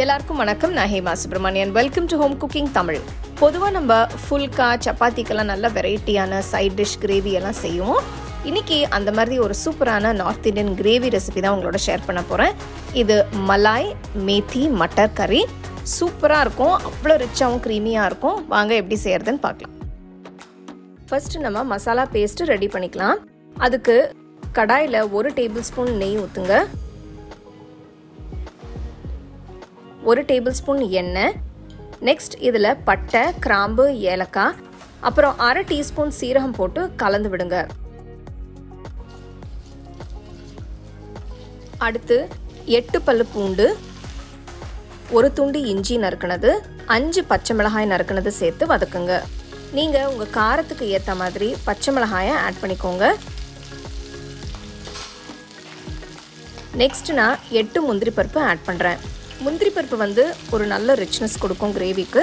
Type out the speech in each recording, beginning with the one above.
எல்லாருக்கும் வணக்கம் நான் Hema Subramanian welcome to home cooking Tamil பொதுவாக நம்ம ஃபுல்கா சப்பாத்திக்கெல்லாம் நல்ல வெரைட்டியான சைட் டிஷ் கிரேவி எல்லாம் செய்வோம் இன்னைக்கு அந்த மாதிரி ஒரு சூப்பரான நார்த் இந்தியன் கிரேவி ரெசிபி தான் உங்களோட ஷேர் பண்ண போகிறேன் இது மலாய் மேத்தி மட்டர் கறி சூப்பராக இருக்கும் அவ்வளோ ரிச்சாகவும் க்ரீமியாக இருக்கும் வாங்க எப்படி செய்கிறதுன்னு பார்க்கலாம் ஃபர்ஸ்ட் நம்ம மசாலா பேஸ்ட்டு ரெடி பண்ணிக்கலாம் அதுக்கு கடாயில் ஒரு டேபிள் ஸ்பூன் நெய் ஊற்றுங்க ஒரு டேபிள் ஸ்பூன் எண்ணெய் நெக்ஸ்ட் இதில் பட்டை கிராம்பு ஏலக்காய் அப்புறம் அரை டீஸ்பூன் சீரகம் போட்டு கலந்து விடுங்க அடுத்து எட்டு பல்லு பூண்டு ஒரு துண்டு இஞ்சி நறுக்கினது அஞ்சு பச்சை மிளகாய் நறுக்கினது சேர்த்து வதக்குங்க நீங்கள் உங்கள் காரத்துக்கு ஏற்ற மாதிரி பச்சை மிளகாயை ஆட் பண்ணிக்கோங்க நெக்ஸ்ட் நான் எட்டு முந்திரி பருப்பு ஆட் பண்ணுறேன் முந்திரி பருப்பு வந்து ஒரு நல்ல ரிச்னஸ் கொடுக்கும் கிரேவிக்கு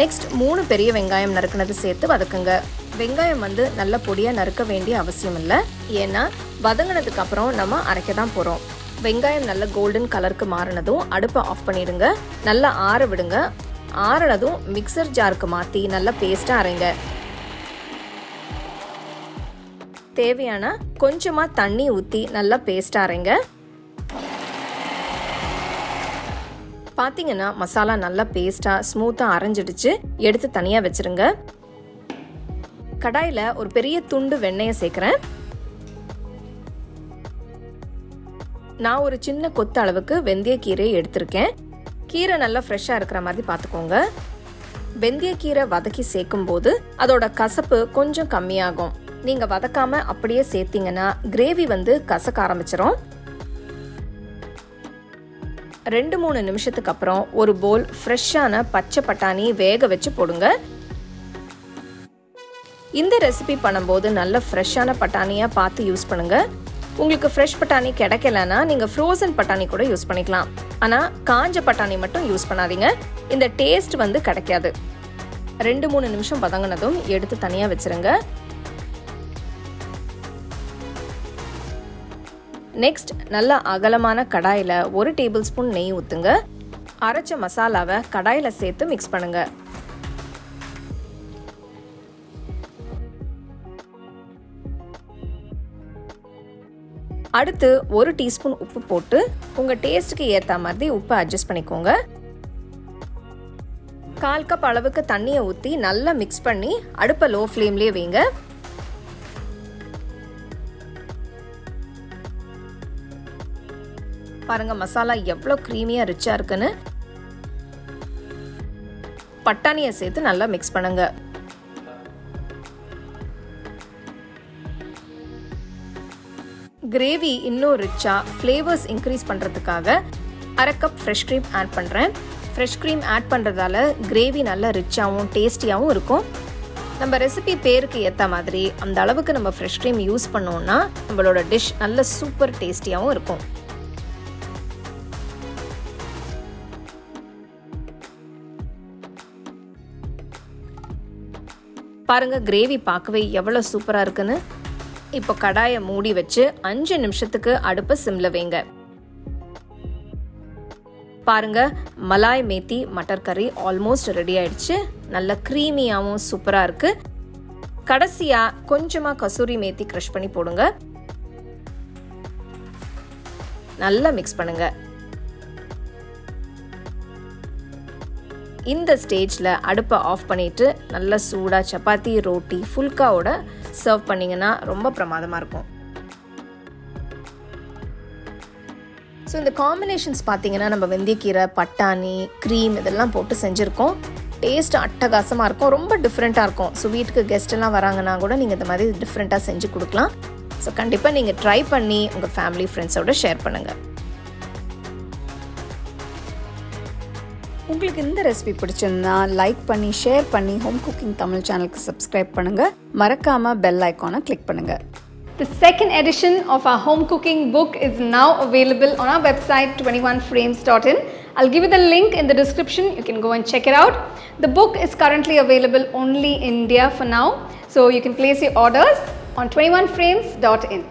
நெக்ஸ்ட் மூணு பெரிய வெங்காயம் நறுக்கினது சேர்த்து வதக்குங்க வெங்காயம் வந்து நல்ல பொடியாக நறுக்க வேண்டிய அவசியம் இல்லை ஏன்னா வதங்கினதுக்கு அப்புறம் நம்ம அரைக்க தான் போகிறோம் வெங்காயம் நல்ல கோல்டன் கலருக்கு மாறினதும் அடுப்பை ஆஃப் பண்ணிடுங்க நல்லா ஆற விடுங்க ஆறினதும் மிக்சர் ஜாருக்கு மாற்றி நல்லா பேஸ்ட்டாக அரைங்க தேவையான கொஞ்சமாக தண்ணி ஊற்றி நல்லா பேஸ்ட்டாக அரைங்க பார்த்தீங்கன்னா மசாலா நல்லா பேஸ்ட்டாக ஸ்மூத்தாக அரைஞ்சிடுச்சு எடுத்து தனியாக வச்சுருங்க கடாயில் ஒரு பெரிய துண்டு வெண்ணெயை சேர்க்குறேன் நான் ஒரு சின்ன கொத்து அளவுக்கு வெந்தய கீரையை எடுத்திருக்கேன் கீரை நல்லா ஃப்ரெஷ்ஷாக இருக்கிற மாதிரி பார்த்துக்கோங்க வெந்தய கீரை வதக்கி சேர்க்கும் போது அதோட கசப்பு கொஞ்சம் கம்மியாகும் நீங்கள் வதக்காம அப்படியே சேர்த்தீங்கன்னா கிரேவி வந்து கசக்க ஆரம்பிச்சிடும் ரெண்டு மூணு நிமிஷத்துக்கு அப்புறம் ஒரு போல் ஃப்ரெஷ்ஷான பச்சை பட்டாணி வேக வச்சு போடுங்க இந்த ரெசிபி பண்ணும்போது நல்ல ஃப்ரெஷ்ஷான பட்டாணியாக பார்த்து யூஸ் பண்ணுங்கள் உங்களுக்கு ஃப்ரெஷ் பட்டாணி கிடைக்கலன்னா நீங்கள் ஃப்ரோசன் பட்டாணி கூட யூஸ் பண்ணிக்கலாம் ஆனால் காஞ்ச பட்டாணி மட்டும் யூஸ் பண்ணாதீங்க இந்த டேஸ்ட் வந்து கிடைக்காது ரெண்டு மூணு நிமிஷம் பதங்கினதும் எடுத்து தனியாக வச்சுருங்க நெக்ஸ்ட் நல்ல அகலமான கடாயில் ஒரு டேபிள் ஸ்பூன் நெய் ஊற்றுங்க அரைச்ச மசாலாவை கடாயில் சேர்த்து மிக்ஸ் பண்ணுங்கள் அடுத்து ஒரு டீஸ்பூன் உப்பு போட்டு உங்கள் டேஸ்ட்டுக்கு ஏற்ற மாதிரி உப்பை அட்ஜஸ்ட் பண்ணிக்கோங்க கால் கப் அளவுக்கு தண்ணியை ஊற்றி நல்லா மிக்ஸ் பண்ணி அடுப்பை லோ ஃப்ளேம்லேயே வைங்க பாருங்கள் மசாலா எவ்வளோ க்ரீமியாக ரிச்சாக இருக்குன்னு பட்டாணியை சேர்த்து நல்லா மிக்ஸ் பண்ணுங்க கிரேவி இன்னும் ரிச்சாக ஃப்ளேவர்ஸ் இன்க்ரீஸ் பண்ணுறதுக்காக அரை கப் ஃப்ரெஷ் க்ரீம் ஆட் பண்ணுறேன் ஃப்ரெஷ் க்ரீம் ஆட் பண்ணுறதால கிரேவி நல்லா ரிச்சாகவும் டேஸ்டியாகவும் இருக்கும் நம்ம ரெசிபி பேருக்கு ஏற்ற மாதிரி அந்த அளவுக்கு நம்ம ஃப்ரெஷ் க்ரீம் யூஸ் பண்ணோம்னா நம்மளோட டிஷ் நல்ல சூப்பர் டேஸ்டியாகவும் இருக்கும் பாருங்கள் கிரேவி பார்க்கவே எவ்வளோ சூப்பராக இருக்குன்னு இப்போ கடாயை மூடி வச்சு அஞ்சு நிமிஷத்துக்கு அடுப்பை சிம்ல வைங்க பாருங்க மலாய் மேத்தி மட்டர் கறி ஆல்மோஸ்ட் ரெடி ஆயிடுச்சு நல்ல க்ரீமியாகவும் சூப்பராக இருக்கு கடைசியாக கொஞ்சமாக கசூரி மேத்தி க்ரஷ் பண்ணி போடுங்க நல்லா மிக்ஸ் பண்ணுங்கள் இந்த ஸ்டேஜில் அடுப்பை ஆஃப் பண்ணிவிட்டு நல்லா சூடாக சப்பாத்தி ரோட்டி ஃபுல்காவோட சர்வ் பண்ணிங்கன்னா ரொம்ப பிரமாதமாக இருக்கும் ஸோ இந்த காம்பினேஷன்ஸ் பார்த்தீங்கன்னா நம்ம வெந்தயக்கீரை பட்டாணி க்ரீம் இதெல்லாம் போட்டு செஞ்சுருக்கோம் டேஸ்ட் அட்டகாசமாக இருக்கும் ரொம்ப டிஃப்ரெண்ட்டாக இருக்கும் ஸோ வீட்டுக்கு கெஸ்ட்டெல்லாம் வராங்கன்னா கூட நீங்கள் இந்த மாதிரி டிஃப்ரெண்ட்டாக செஞ்சு கொடுக்கலாம் ஸோ கண்டிப்பாக நீங்கள் ட்ரை பண்ணி உங்கள் ஃபேமிலி ஃப்ரெண்ட்ஸோடு ஷேர் பண்ணுங்கள் உங்களுக்கு இந்த ரெசிபி பிடிச்சிருந்தா லைக் பண்ணி ஷேர் பண்ணி ஹோம் குக்கிங் தமிழ் சேனலுக்கு சப்ஸ்கிரைப் பண்ணுங்கள் மறக்காமல் பெல் ஐக்கானை கிளிக் பண்ணுங்கள் The second edition of our home cooking book is now available on our website 21frames.in. I'll give you the link in the description. You can go and check it out. The book is currently available only in India for now. So you can place your orders on 21frames.in.